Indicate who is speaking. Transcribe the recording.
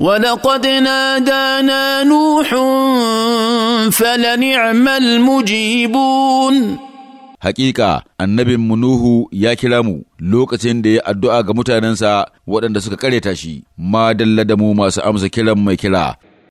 Speaker 1: ولقد نادانا نوح فلنعم المجيبون
Speaker 2: Haƙiƙa, annabin Nuhu ya kira mu lokacin da ya addu'a ga mutanensa waɗanda suka kareta shi, ma dalla da
Speaker 3: mu masu amsa kiran mai kira.